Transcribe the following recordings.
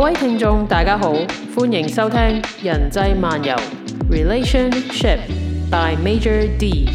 各位聽眾，大家好，歡迎收聽《人際漫遊 Relationship》by Major D。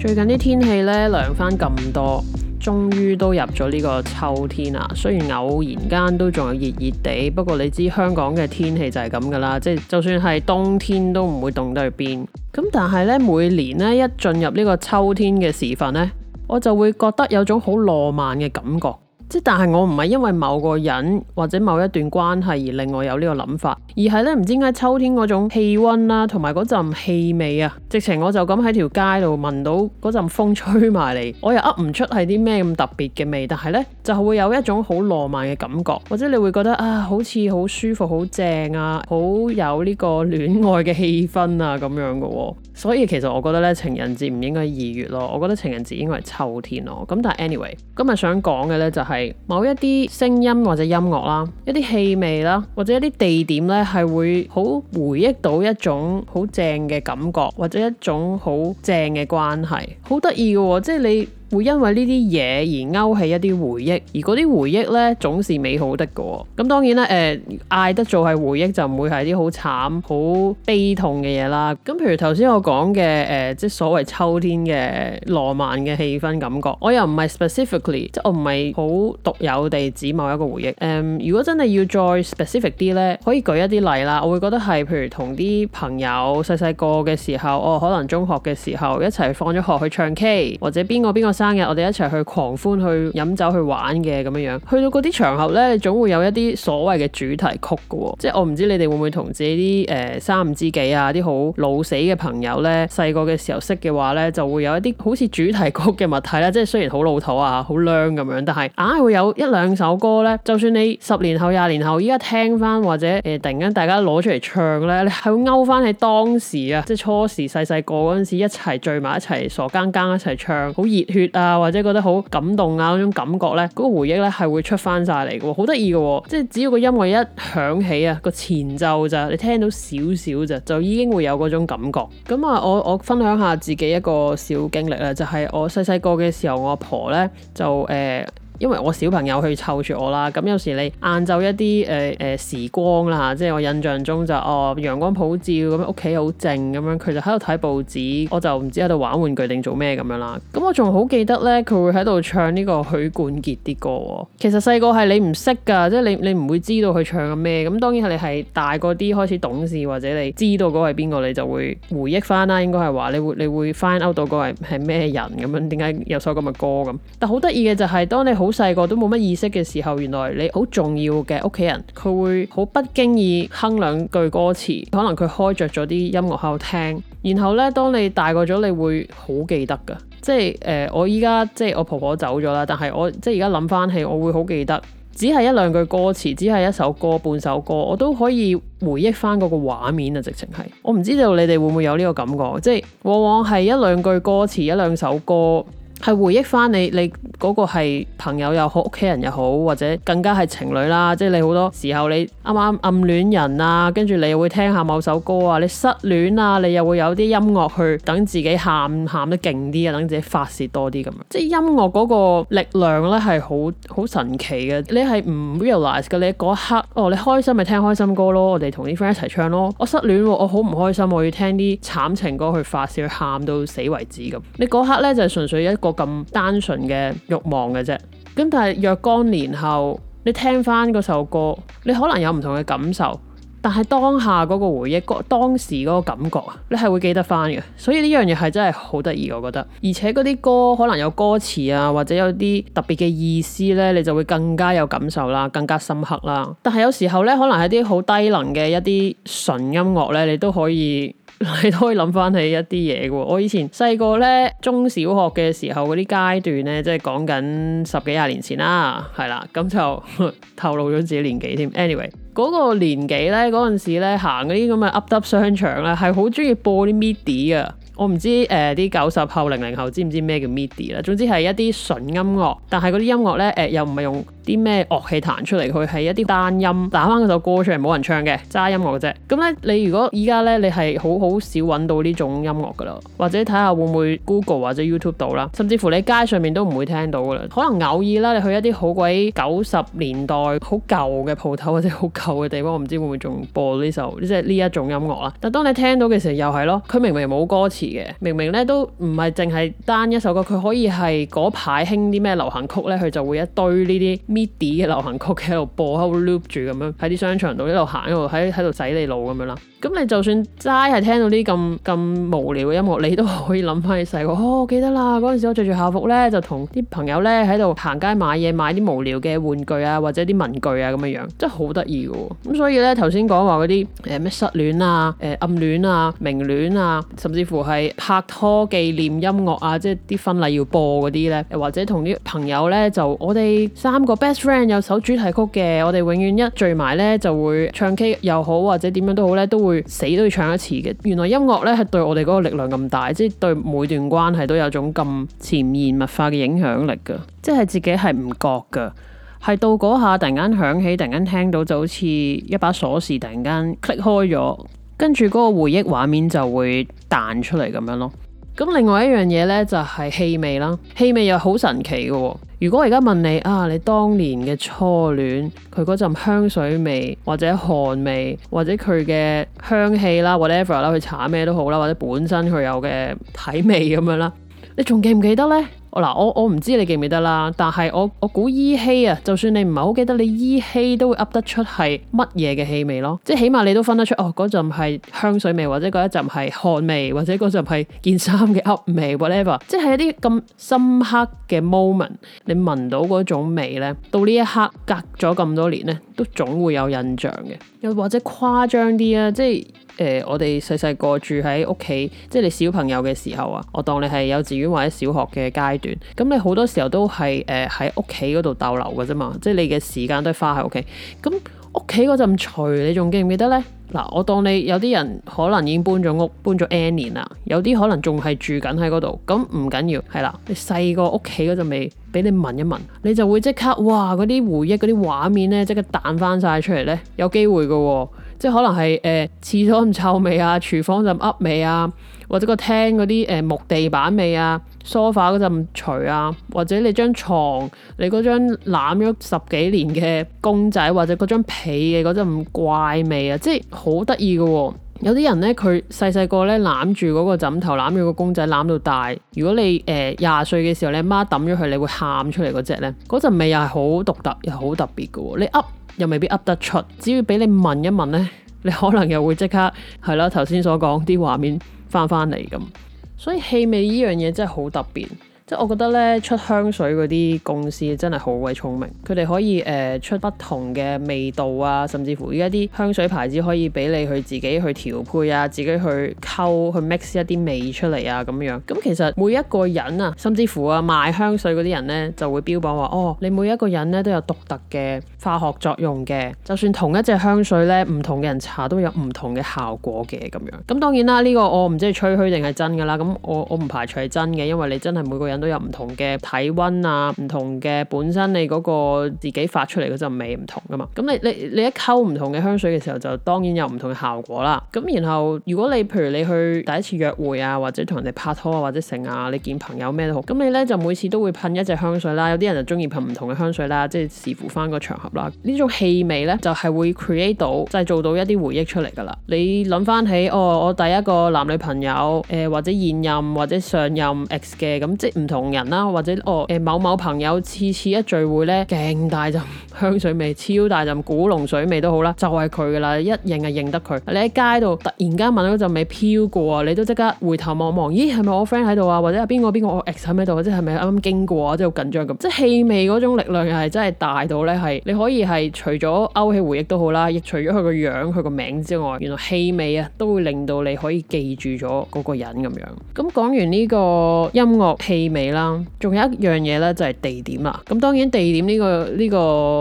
最近啲天氣呢，涼返咁多。終於都入咗呢個秋天啦，雖然偶然間都仲有熱熱地，不過你知香港嘅天氣就係咁㗎啦，即係就算係冬天都唔會凍得去邊。咁但係呢，每年呢一進入呢個秋天嘅時分呢，我就會覺得有種好浪漫嘅感覺。即但係我唔係因為某個人或者某一段關係而令我有呢個諗法，而係咧唔知點解秋天嗰種氣溫啦、啊，同埋嗰陣氣味啊，直情我就咁喺條街度聞到嗰陣風吹埋嚟，我又噏唔出係啲咩咁特別嘅味，但係呢就會有一種好浪漫嘅感覺，或者你會覺得啊，好似好舒服、好正啊，好有呢個戀愛嘅氣氛啊咁樣噶、哦，所以其實我覺得咧情人節唔應該二月咯，我覺得情人節應該係秋天咯。咁但係 anyway，今日想講嘅呢就係、是。某一啲聲音或者音樂啦，一啲氣味啦，或者一啲地點呢，係會好回憶到一種好正嘅感覺，或者一種好正嘅關係，好得意嘅喎，即係你，會因為呢啲嘢而勾起一啲回憶，而嗰啲回憶呢，總是美好的噶。咁當然、呃、啦，誒嗌得做係回憶就唔會係啲好慘好悲痛嘅嘢啦。咁譬如頭先我講嘅，誒即係所謂秋天嘅浪漫嘅氣氛感覺，我又唔係 specifically，即係我唔係好獨有地指某一個回憶。誒、呃，如果真係要再 specific 啲呢，可以舉一啲例啦。我會覺得係譬如同啲朋友細細個嘅時候，我、哦、可能中學嘅時候一齊放咗學去唱 K，或者邊個邊個。生日我哋一齊去狂歡、去飲酒、去玩嘅咁樣樣，去到嗰啲場合呢，總會有一啲所謂嘅主題曲㗎喎，即係我唔知你哋會唔會同自己啲誒、呃、三五知己啊，啲好老死嘅朋友呢，細個嘅時候識嘅話呢，就會有一啲好似主題曲嘅物體啦。即係雖然好老土啊、好娘咁樣，但係硬係會有一兩首歌呢。就算你十年後、廿年後依家聽翻或者誒、呃、突然間大家攞出嚟唱呢，你係會勾翻你當時啊，即係初時細細個嗰陣時，時，時一齊聚埋一齊傻更更一齊唱，好熱血。啊，或者覺得好感動啊嗰種感覺呢，嗰、嗰個回憶呢係會出翻晒嚟嘅，好得意嘅，即係只要個音樂一響起啊，個前奏咋，你聽到少少咋，就已經會有嗰種感覺。咁啊，我我分享下自己一個小經歷啦，就係、是、我細細個嘅時候，我阿婆呢就誒。呃因為我小朋友去湊住我啦，咁有時你晏晝一啲誒誒時光啦，即係我印象中就是、哦陽光普照咁屋企好靜咁樣，佢就喺度睇報紙，我就唔知喺度玩玩具定做咩咁樣啦。咁我仲好記得呢，佢會喺度唱呢個許冠傑啲歌。其實細個係你唔識㗎，即係你你唔會知道佢唱緊咩。咁當然係你係大個啲開始懂事或者你知道嗰個係邊個，你就會回憶翻啦。應該係話你會你會 find out 到個係咩人咁樣，點解有首咁嘅歌咁。但好得意嘅就係、是、當你好好細個都冇乜意識嘅時候，原來你好重要嘅屋企人，佢會好不經意哼兩句歌詞，可能佢開着咗啲音樂喺度聽。然後呢，當你大個咗，你會好記得㗎，即係、呃、我依家即係我婆婆走咗啦，但係我即係而家諗翻起，我會好記得，只係一兩句歌詞，只係一首歌，半首歌，我都可以回憶翻嗰個畫面啊！直情係，我唔知道你哋會唔會有呢個感覺，即係往往係一兩句歌詞，一兩首歌。係回憶翻你，你嗰個係朋友又好，屋企人又好，或者更加係情侶啦。即係你好多時候，你啱啱暗戀人啊，跟住你又會聽下某首歌啊。你失戀啊，你又會有啲音樂去等自己喊喊得勁啲啊，等自己發洩多啲咁。即係音樂嗰個力量呢，係好好神奇嘅。你係唔 realize 嘅，你嗰一刻哦，你開心咪聽開心歌咯，我哋同啲 friend 一齊唱咯。我失戀哦，我好唔開心，我要聽啲慘情歌去發洩，去喊到死為止咁。你嗰刻呢，就係純粹一個。咁單純嘅欲望嘅啫，咁但係若干年後你聽翻嗰首歌，你可能有唔同嘅感受，但係當下嗰個回憶，當當時嗰個感覺啊，你係會記得翻嘅，所以呢樣嘢係真係好得意，我覺得，而且嗰啲歌可能有歌詞啊，或者有啲特別嘅意思呢，你就會更加有感受啦，更加深刻啦。但係有時候呢，可能係啲好低能嘅一啲純音樂呢，你都可以。你都可以諗翻起一啲嘢嘅，我以前細個咧，中小學嘅時候嗰啲階段咧，即係講緊十幾廿年前啦，係啦，咁就 透露咗自己年紀添。Anyway，嗰個年紀咧，嗰陣時咧，行嗰啲咁嘅 up up 商場咧，係好中意播啲 MIDI 噶我唔知誒，啲九十後、零零後知唔知咩叫 MIDI 啦。總之係一啲純音樂，但係嗰啲音樂咧，誒、呃、又唔係用。啲咩樂器彈出嚟，佢係一啲單音，打翻嗰首歌出嚟冇人唱嘅，齋音樂嘅啫。咁咧，你如果依家咧，你係好好少揾到呢種音樂噶啦，或者睇下會唔會 Google 或者 YouTube 度啦，甚至乎你街上面都唔會聽到噶啦，可能偶爾啦，你去一啲好鬼九十年代好舊嘅鋪頭或者好舊嘅地方，我唔知會唔會仲播呢首，即係呢一種音樂啦。但當你聽到嘅時候又係咯，佢明明冇歌詞嘅，明明咧都唔係淨係單一首歌，佢可以係嗰排興啲咩流行曲咧，佢就會一堆呢啲。啲嘅流行曲喺度播，喺度 loop 住咁樣喺啲商場度一路行一路喺喺度洗你腦咁樣啦。咁你就算齋係聽到啲咁咁無聊嘅音樂，你都可以諗翻起細個。哦，記得啦，嗰陣時我着住校服咧，就同啲朋友咧喺度行街買嘢，買啲無聊嘅玩具啊，或者啲文具啊咁樣樣，真係好得意噶。咁所以咧，頭先講話嗰啲誒咩失戀啊、誒暗戀啊、明戀啊，甚至乎係拍拖紀念音樂啊，即係啲婚禮要播嗰啲咧，或者同啲朋友咧就我哋三個。s friend 有首主題曲嘅，我哋永遠一聚埋呢，就會唱 K 又好或者點樣都好呢，都會死都要唱一次嘅。原來音樂呢，係對我哋嗰個力量咁大，即係對每段關係都有種咁潛移默化嘅影響力㗎，即係自己係唔覺㗎，係到嗰下突然間響起，突然間聽到就好似一把鎖匙突然間 click 開咗，跟住嗰個回憶畫面就會彈出嚟咁樣咯。咁另外一樣嘢呢，就係氣味啦，氣味又好神奇嘅。如果我而家問你啊，你當年嘅初戀佢嗰陣香水味，或者汗味，或者佢嘅香氣啦，whatever 啦，佢搽咩都好啦，或者本身佢有嘅體味咁樣啦，你仲記唔記得呢？嗱，我我唔知你記唔記得啦，但係我我估依稀啊，就算你唔係好記得，你依稀都會噏得出係乜嘢嘅氣味咯，即係起碼你都分得出，哦，嗰陣係香水味，或者嗰一陣係汗味，或者嗰陣係件衫嘅噏味，whatever，即係一啲咁深刻嘅 moment，你聞到嗰種味咧，到呢一刻隔咗咁多年咧，都總會有印象嘅，又或者誇張啲啊，即係。誒、呃，我哋細細個住喺屋企，即係你小朋友嘅時候啊，我當你係幼稚園或者小學嘅階段，咁你好多時候都係誒喺屋企嗰度逗留嘅啫嘛，即係你嘅時間都係花喺屋企。咁屋企嗰陣除你仲記唔記得呢？嗱，我當你有啲人可能已經搬咗屋，搬咗 N 年啦，有啲可能仲係住緊喺嗰度。咁唔緊要，係啦，你細個屋企嗰陣味俾你聞一聞，你就會即刻哇嗰啲回憶嗰啲畫面呢，即刻彈翻晒出嚟呢，有機會嘅喎、哦。即係可能係誒、呃、廁所陣臭味啊，廚房陣噏味啊，或者個廳嗰啲誒木地板味啊，梳化 f 嗰陣除啊，或者你張床，你嗰張攬咗十幾年嘅公仔或者嗰張被嘅嗰陣怪味啊，即係好得意嘅喎。有啲人咧佢細細個咧攬住嗰個枕頭，攬住個公仔，攬到大。如果你誒廿歲嘅時候你媽抌咗佢，你會喊出嚟嗰隻咧，嗰陣味又係好獨特又好特別嘅喎。你噏。又未必噏得出，只要俾你聞一聞呢，你可能又會即刻係啦。頭先所講啲畫面翻返嚟咁，所以氣味呢樣嘢真係好特別。即係我覺得咧，出香水嗰啲公司真係好鬼聰明，佢哋可以誒、呃、出不同嘅味道啊，甚至乎而家啲香水牌子可以俾你去自己去調配啊，自己去溝去 mix 一啲味出嚟啊咁樣咁、嗯、其實每一個人啊，甚至乎啊賣香水嗰啲人咧，就會標榜話哦，你每一個人咧都有獨特嘅化學作用嘅，就算同一隻香水咧，唔同嘅人搽都有唔同嘅效果嘅。咁樣咁、嗯、當然啦，呢、呢個，我唔知係吹噓定係真噶啦。咁我我唔排除係真嘅，因為你真係每個人。都有唔同嘅體溫啊，唔同嘅本身你嗰個自己發出嚟嗰陣味唔同噶嘛，咁你你你一溝唔同嘅香水嘅時候，就當然有唔同嘅效果啦。咁然後如果你譬如你去第一次約會啊，或者同人哋拍拖啊，或者成啊，你見朋友咩都好，咁你咧就每次都會噴一隻香水啦。有啲人就中意噴唔同嘅香水啦，即係視乎翻個場合啦。呢種氣味咧就係會 create 到，即係做到一啲回憶出嚟噶啦。你諗翻起哦，我第一個男女朋友誒、呃，或者現任或者上任 ex 嘅咁即同人啦，或者哦某某朋友次次一聚會咧，勁大陣香水味，超大陣古龍水味都好啦，就係佢噶啦，一認就認得佢。你喺街度突然間聞到嗰陣味飄過啊，你都即刻回頭望望，咦係咪我 friend 喺度啊？或者係邊個邊個我 ex 喺度？或者係咪啱啱經過啊？即係好緊張咁，即係氣味嗰種力量又係真係大到咧，係你可以係除咗勾起回憶都好啦，亦除咗佢個樣、佢個名之外，原來氣味啊都會令到你可以記住咗嗰個人咁樣。咁講完呢個音樂氣味。味啦，仲有一樣嘢咧就係地點啦。咁當然地點呢個呢個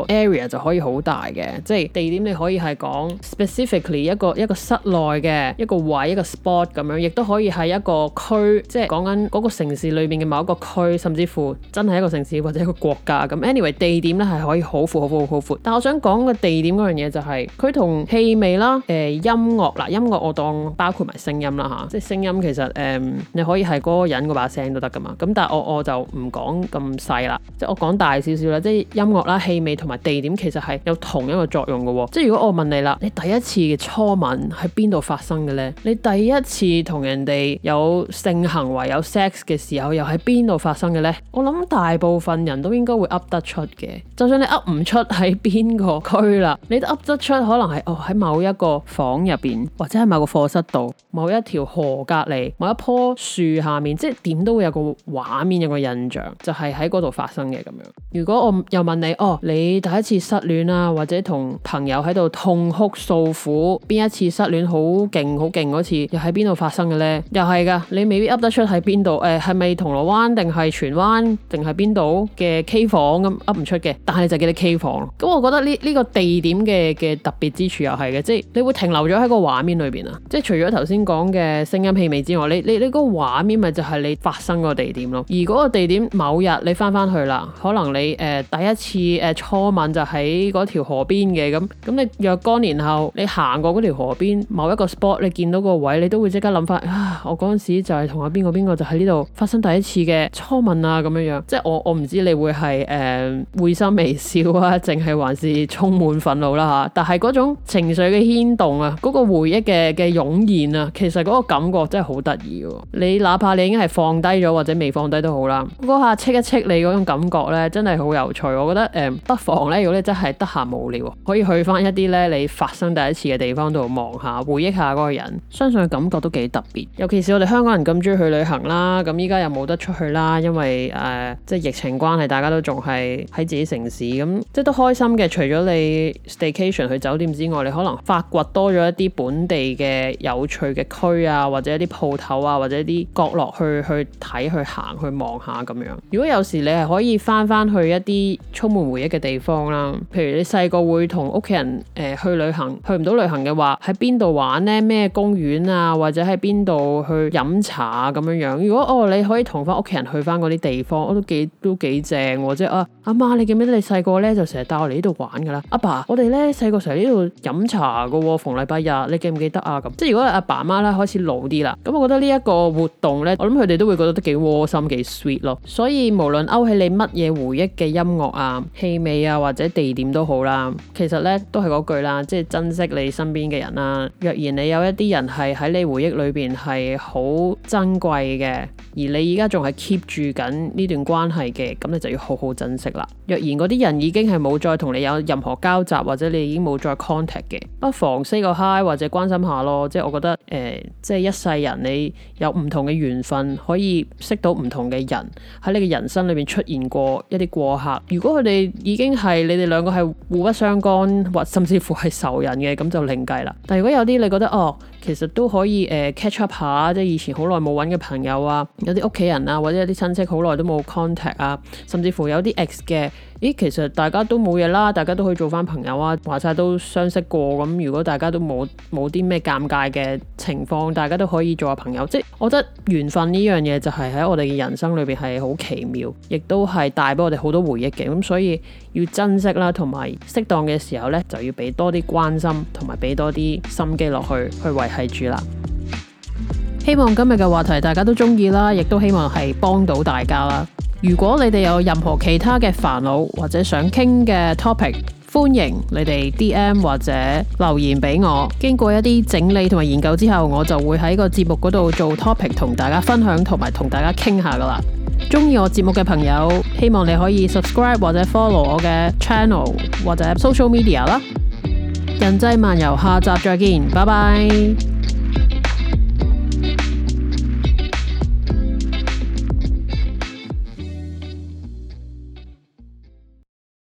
area 就可以好大嘅，即係地點你可以係講 specifically 一個一個室內嘅一個位一個 spot 咁樣，亦都可以係一個區，即係講緊嗰個城市裏邊嘅某一個區，甚至乎真係一個城市或者一個國家咁。Anyway，地點咧係可以好闊好闊好闊闊。但係我想講個地點嗰樣嘢就係佢同氣味啦，誒音樂啦，音樂我當包括埋聲音啦吓，即係聲音其實誒你可以係嗰個人嗰把聲都得噶嘛。咁但係我我就唔講咁細啦，即係我講大少少啦，即係音樂啦、氣味同埋地點其實係有同一個作用嘅喎。即係如果我問你啦，你第一次嘅初吻喺邊度發生嘅呢？你第一次同人哋有性行為有 sex 嘅時候又喺邊度發生嘅呢？我諗大部分人都應該會噏得出嘅。就算你噏唔出喺邊個區啦，你都噏得出可能係哦喺某一個房入邊，或者喺某個課室度、某一條河隔離、某一樖樹下面，即係點都會有個畫。畫面有個印象，就係喺嗰度發生嘅咁樣。如果我又問你，哦，你第一次失戀啊，或者同朋友喺度痛哭訴苦，邊一次失戀好勁好勁嗰次，又喺邊度發生嘅呢？又係噶，你未必噏得出喺邊度。誒、呃，係咪銅鑼灣定係荃灣定係邊度嘅 K 房咁噏唔出嘅？但係就記得 K 房咯。咁我覺得呢呢、呢個地點嘅嘅特別之處又係嘅，即係你會停留咗喺個畫面裏邊啊。即係除咗頭先講嘅聲音氣味之外，你你你個畫面咪就係你發生個地點咯。而嗰個地點某日你翻翻去啦，可能你誒、呃、第一次誒、呃、初吻就喺嗰條河邊嘅咁，咁你若干年後你行過嗰條河邊某一個 spot，你見到個位，你都會即刻諗返啊！我嗰陣時就係同阿邊個邊個就喺呢度發生第一次嘅初吻啊，咁樣樣，即係我我唔知你會係誒、呃、會心微笑啊，淨係還是充滿憤怒啦、啊、吓，但係嗰種情緒嘅牽動啊，嗰、那個回憶嘅嘅湧現啊，其實嗰個感覺真係好得意嘅，你哪怕你已經係放低咗或者未放底都好啦，嗰、那個、下 check 一 check，你嗰種感覺咧，真係好有趣。我覺得誒、呃，不妨咧，如果你真係得閒無聊，可以去返一啲咧你發生第一次嘅地方度望下，回憶下嗰個人，相信感覺都幾特別。尤其是我哋香港人咁中意去旅行啦，咁依家又冇得出去啦，因為誒、呃、即係疫情關係，大家都仲係喺自己城市咁，即係都開心嘅。除咗你 staycation 去酒店之外，你可能發掘多咗一啲本地嘅有趣嘅區啊，或者一啲鋪頭啊，或者一啲角落去去睇去行。去望下咁樣，如果有時你係可以翻翻去一啲充滿回憶嘅地方啦，譬如你細個會同屋企人誒、呃、去旅行，去唔到旅行嘅話，喺邊度玩呢？咩公園啊，或者喺邊度去飲茶咁樣樣？如果哦，你可以同翻屋企人去翻嗰啲地方，我都幾都幾正喎！即係啊，阿媽，你記唔記得你細個咧就成日帶我嚟呢度玩噶啦？阿爸，我哋咧細個成日呢度飲茶噶，逢禮拜日，你記唔記得啊？咁即係如果阿爸阿媽咧開始老啲啦，咁我覺得呢一個活動咧，我諗佢哋都會覺得都幾窩心。幾 sweet 咯，所以無論勾起你乜嘢回憶嘅音樂啊、氣味啊或者地點都好啦，其實呢都係嗰句啦，即係珍惜你身邊嘅人啦。若然你有一啲人係喺你回憶裏邊係好珍貴嘅，而你而家仲係 keep 住緊呢段關係嘅，咁你就要好好珍惜啦。若然嗰啲人已經係冇再同你有任何交集，或者你已經冇再 contact 嘅，不妨 say 個 hi 或者關心下咯。即係我覺得誒、呃，即係一世人你有唔同嘅緣分，可以識到唔同。同嘅人喺你嘅人生裏面出現過一啲過客，如果佢哋已經係你哋兩個係互不相干或甚至乎係仇人嘅，咁就另計啦。但如果有啲你覺得哦，其實都可以誒、呃、catch up 下，即係以前好耐冇搵嘅朋友啊，有啲屋企人啊，或者有啲親戚好耐都冇 contact 啊，甚至乎有啲 ex 嘅。咦，其實大家都冇嘢啦，大家都可以做翻朋友啊！話晒都相識過咁，如果大家都冇冇啲咩尷尬嘅情況，大家都可以做下朋友。即我覺得緣分呢樣嘢就係喺我哋嘅人生裏邊係好奇妙，亦都係帶俾我哋好多回憶嘅。咁所以要珍惜啦，同埋適當嘅時候呢，就要俾多啲關心，同埋俾多啲心機落去去維係住啦。希望今日嘅話題大家都中意啦，亦都希望係幫到大家啦。如果你哋有任何其他嘅煩惱或者想傾嘅 topic，歡迎你哋 DM 或者留言俾我。經過一啲整理同埋研究之後，我就會喺個節目嗰度做 topic 同大家分享，同埋同大家傾下噶啦。中意我節目嘅朋友，希望你可以 subscribe 或者 follow 我嘅 channel 或者 social media 啦。人際漫遊下集再見，拜拜。